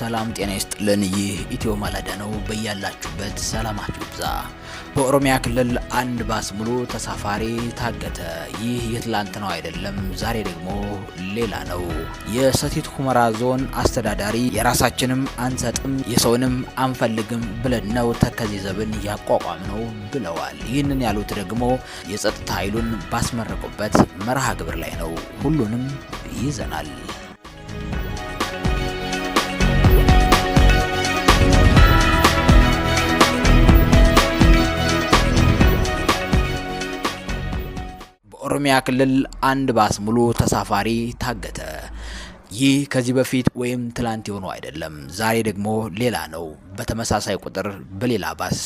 ሰላም ጤና ይስጥልን። ይህ ኢትዮ ማለዳ ነው። በያላችሁበት ሰላማችሁ ብዛ። በኦሮሚያ ክልል አንድ ባስ ሙሉ ተሳፋሪ ታገተ። ይህ የትላንት ነው አይደለም፣ ዛሬ ደግሞ ሌላ ነው። የሰቲት ሁመራ ዞን አስተዳዳሪ የራሳችንም አንሰጥም የሰውንም አንፈልግም ብለን ነው ተከዜ ዘብን ያቋቋም ነው ብለዋል። ይህንን ያሉት ደግሞ የጸጥታ ኃይሉን ባስመረቁበት መርሃ ግብር ላይ ነው። ሁሉንም ይዘናል። በኦሮሚያ ክልል አንድ ባስ ሙሉ ተሳፋሪ ታገተ። ይህ ከዚህ በፊት ወይም ትላንት የሆነው አይደለም። ዛሬ ደግሞ ሌላ ነው። በተመሳሳይ ቁጥር በሌላ ባስ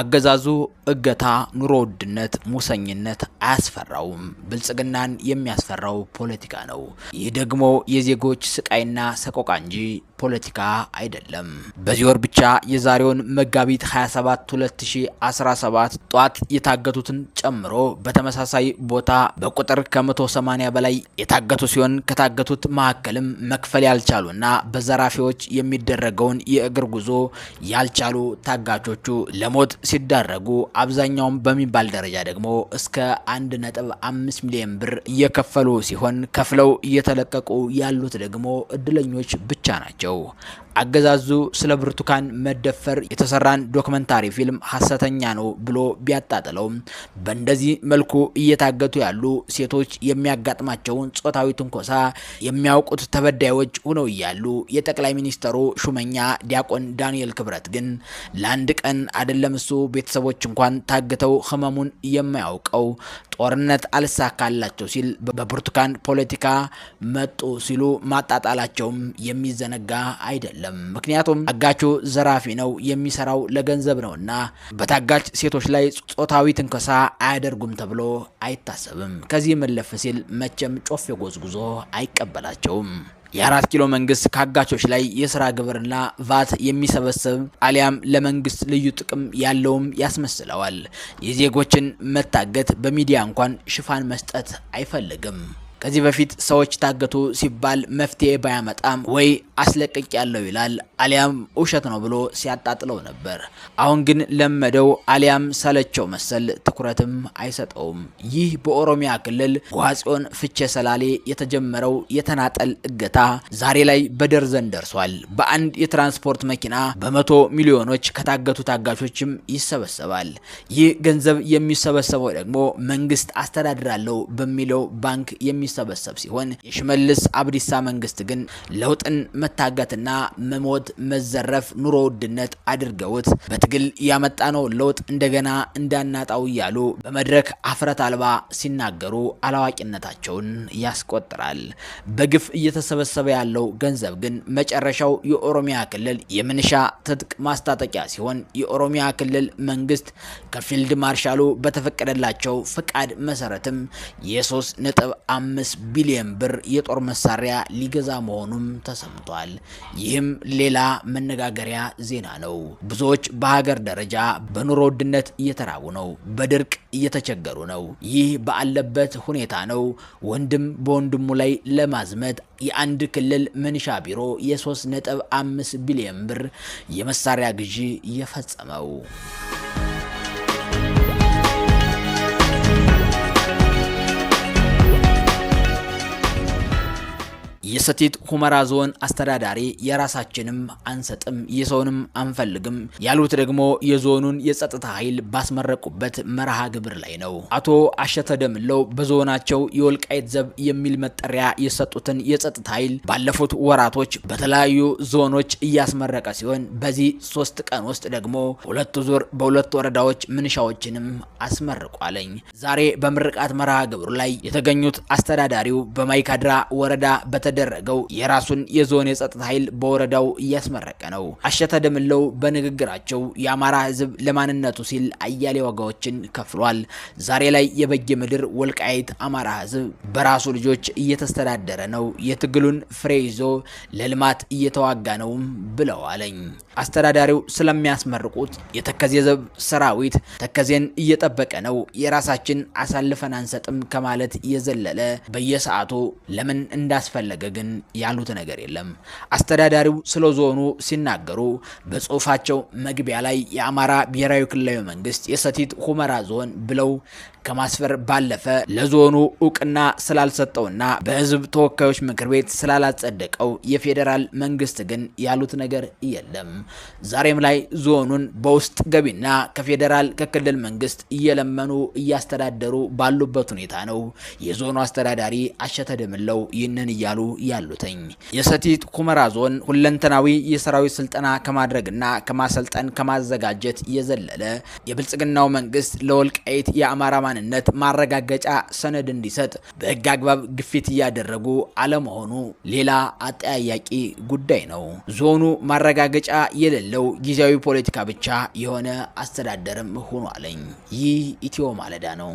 አገዛዙ እገታ፣ ኑሮ ውድነት፣ ሙሰኝነት አያስፈራውም። ብልጽግናን የሚያስፈራው ፖለቲካ ነው። ይህ ደግሞ የዜጎች ስቃይና ሰቆቃ እንጂ ፖለቲካ አይደለም። በዚህ ወር ብቻ የዛሬውን መጋቢት 27 2017 ጧት የታገቱትን ጨምሮ በተመሳሳይ ቦታ በቁጥር ከ180 በላይ የታገቱ ሲሆን ከታገቱት መካከልም መክፈል ያልቻሉና በዘራፊዎች የሚደረገውን የእግር ጉዞ ያልቻሉ ታጋቾቹ ለሞት ሲዳረጉ አብዛኛውም በሚባል ደረጃ ደግሞ እስከ 1.5 ሚሊዮን ብር እየከፈሉ ሲሆን ከፍለው እየተለቀቁ ያሉት ደግሞ እድለኞች ብቻ ናቸው። አገዛዙ ስለ ብርቱካን መደፈር የተሰራን ዶክመንታሪ ፊልም ሀሰተኛ ነው ብሎ ቢያጣጥለውም በእንደዚህ መልኩ እየታገቱ ያሉ ሴቶች የሚያጋጥማቸውን ጾታዊ ትንኮሳ የሚያውቁት ተበዳዮች ሆነው እያሉ የጠቅላይ ሚኒስትሩ ሹመኛ ዲያቆን ዳንኤል ክብረት ግን ለአንድ ቀን አይደለም እሱ ቤተሰቦች እንኳን ታግተው ህመሙን የማያውቀው ጦርነት አልሳካላቸው ሲል በብርቱካን ፖለቲካ መጡ ሲሉ ማጣጣላቸውም የሚዘነጋ አይደለም። ምክንያቱም አጋቹ ዘራፊ ነው፣ የሚሰራው ለገንዘብ ነውና በታጋች ሴቶች ላይ ጾታዊ ትንከሳ አያደርጉም ተብሎ አይታሰብም። ከዚህ መለፍ ሲል መቼም ጮፌ ጎዝጉዞ አይቀበላቸውም። የአራት ኪሎ መንግስት ከአጋቾች ላይ የስራ ግብርና ቫት የሚሰበስብ አሊያም ለመንግስት ልዩ ጥቅም ያለውም ያስመስለዋል። የዜጎችን መታገት በሚዲያ እንኳን ሽፋን መስጠት አይፈልግም። ከዚህ በፊት ሰዎች ታገቱ ሲባል መፍትሄ ባያመጣም ወይ አስለቅቅ ያለው ይላል አሊያም ውሸት ነው ብሎ ሲያጣጥለው ነበር። አሁን ግን ለመደው አሊያም ሰለቸው መሰል ትኩረትም አይሰጠውም። ይህ በኦሮሚያ ክልል ዋጽዮን ፍቼ ሰላሌ የተጀመረው የተናጠል እገታ ዛሬ ላይ በደርዘን ደርሷል። በአንድ የትራንስፖርት መኪና በመቶ ሚሊዮኖች ከታገቱ ታጋቾችም ይሰበሰባል። ይህ ገንዘብ የሚሰበሰበው ደግሞ መንግስት አስተዳድራለሁ በሚለው ባንክ የሚ የሚሰበሰብ ሲሆን የሽመልስ አብዲሳ መንግስት ግን ለውጥን መታገትና መሞት፣ መዘረፍ፣ ኑሮ ውድነት አድርገውት በትግል ያመጣነው ለውጥ እንደገና እንዳናጣው እያሉ በመድረክ አፍረት አልባ ሲናገሩ አላዋቂነታቸውን ያስቆጥራል። በግፍ እየተሰበሰበ ያለው ገንዘብ ግን መጨረሻው የኦሮሚያ ክልል የምንሻ ትጥቅ ማስታጠቂያ ሲሆን የኦሮሚያ ክልል መንግስት ከፊልድ ማርሻሉ በተፈቀደላቸው ፍቃድ መሰረትም የሶስት ነጥብ አምስት በ15 ቢሊዮን ብር የጦር መሳሪያ ሊገዛ መሆኑም ተሰምቷል። ይህም ሌላ መነጋገሪያ ዜና ነው። ብዙዎች በሀገር ደረጃ በኑሮ ውድነት እየተራቡ ነው፣ በድርቅ እየተቸገሩ ነው። ይህ ባለበት ሁኔታ ነው ወንድም በወንድሙ ላይ ለማዝመት የአንድ ክልል መንሻ ቢሮ የ3.5 ቢሊዮን ብር የመሳሪያ ግዢ የፈጸመው። የሰቲት ሁመራ ዞን አስተዳዳሪ የራሳችንም አንሰጥም የሰውንም አንፈልግም ያሉት ደግሞ የዞኑን የጸጥታ ኃይል ባስመረቁበት መርሃ ግብር ላይ ነው። አቶ አሸተ ደምለው በዞናቸው የወልቃይት ዘብ የሚል መጠሪያ የሰጡትን የጸጥታ ኃይል ባለፉት ወራቶች በተለያዩ ዞኖች እያስመረቀ ሲሆን በዚህ ሶስት ቀን ውስጥ ደግሞ ሁለት ዙር በሁለት ወረዳዎች ምንሻዎችንም አስመርቋለኝ። ዛሬ በምርቃት መርሃ ግብሩ ላይ የተገኙት አስተዳዳሪው በማይካድራ ወረዳ በተደ ያደረገው የራሱን የዞን የጸጥታ ኃይል በወረዳው እያስመረቀ ነው። አሸተ ደምለው በንግግራቸው የአማራ ህዝብ ለማንነቱ ሲል አያሌ ዋጋዎችን ከፍሏል። ዛሬ ላይ የበጌ ምድር ወልቃይት አማራ ህዝብ በራሱ ልጆች እየተስተዳደረ ነው። የትግሉን ፍሬ ይዞ ለልማት እየተዋጋ ነውም ብለዋለኝ። አስተዳዳሪው ስለሚያስመርቁት የተከዜ ዘብ ሰራዊት ተከዜን እየጠበቀ ነው፣ የራሳችን አሳልፈን አንሰጥም ከማለት የዘለለ በየሰዓቱ ለምን እንዳስፈለገ ግን ያሉት ነገር የለም። አስተዳዳሪው ስለ ዞኑ ሲናገሩ በጽሁፋቸው መግቢያ ላይ የአማራ ብሔራዊ ክልላዊ መንግስት የሰቲት ሁመራ ዞን ብለው ከማስፈር ባለፈ ለዞኑ እውቅና ስላልሰጠውና በህዝብ ተወካዮች ምክር ቤት ስላላጸደቀው የፌዴራል መንግስት ግን ያሉት ነገር የለም። ዛሬም ላይ ዞኑን በውስጥ ገቢና ከፌዴራል ከክልል መንግስት እየለመኑ እያስተዳደሩ ባሉበት ሁኔታ ነው የዞኑ አስተዳዳሪ አሸተ ደምለው ይህንን እያሉ ያሉትኝ። የሰቲት ሁመራ ዞን ሁለንተናዊ የሰራዊት ስልጠና ከማድረግና ከማሰልጠን ከማዘጋጀት የዘለለ የብልጽግናው መንግስት ለወልቃይት የአማራ ማንነት ማረጋገጫ ሰነድ እንዲሰጥ በህግ አግባብ ግፊት እያደረጉ አለመሆኑ ሌላ አጠያያቂ ጉዳይ ነው። ዞኑ ማረጋገጫ የሌለው ጊዜያዊ ፖለቲካ ብቻ የሆነ አስተዳደርም ሆኗለኝ። ይህ ኢትዮ ማለዳ ነው።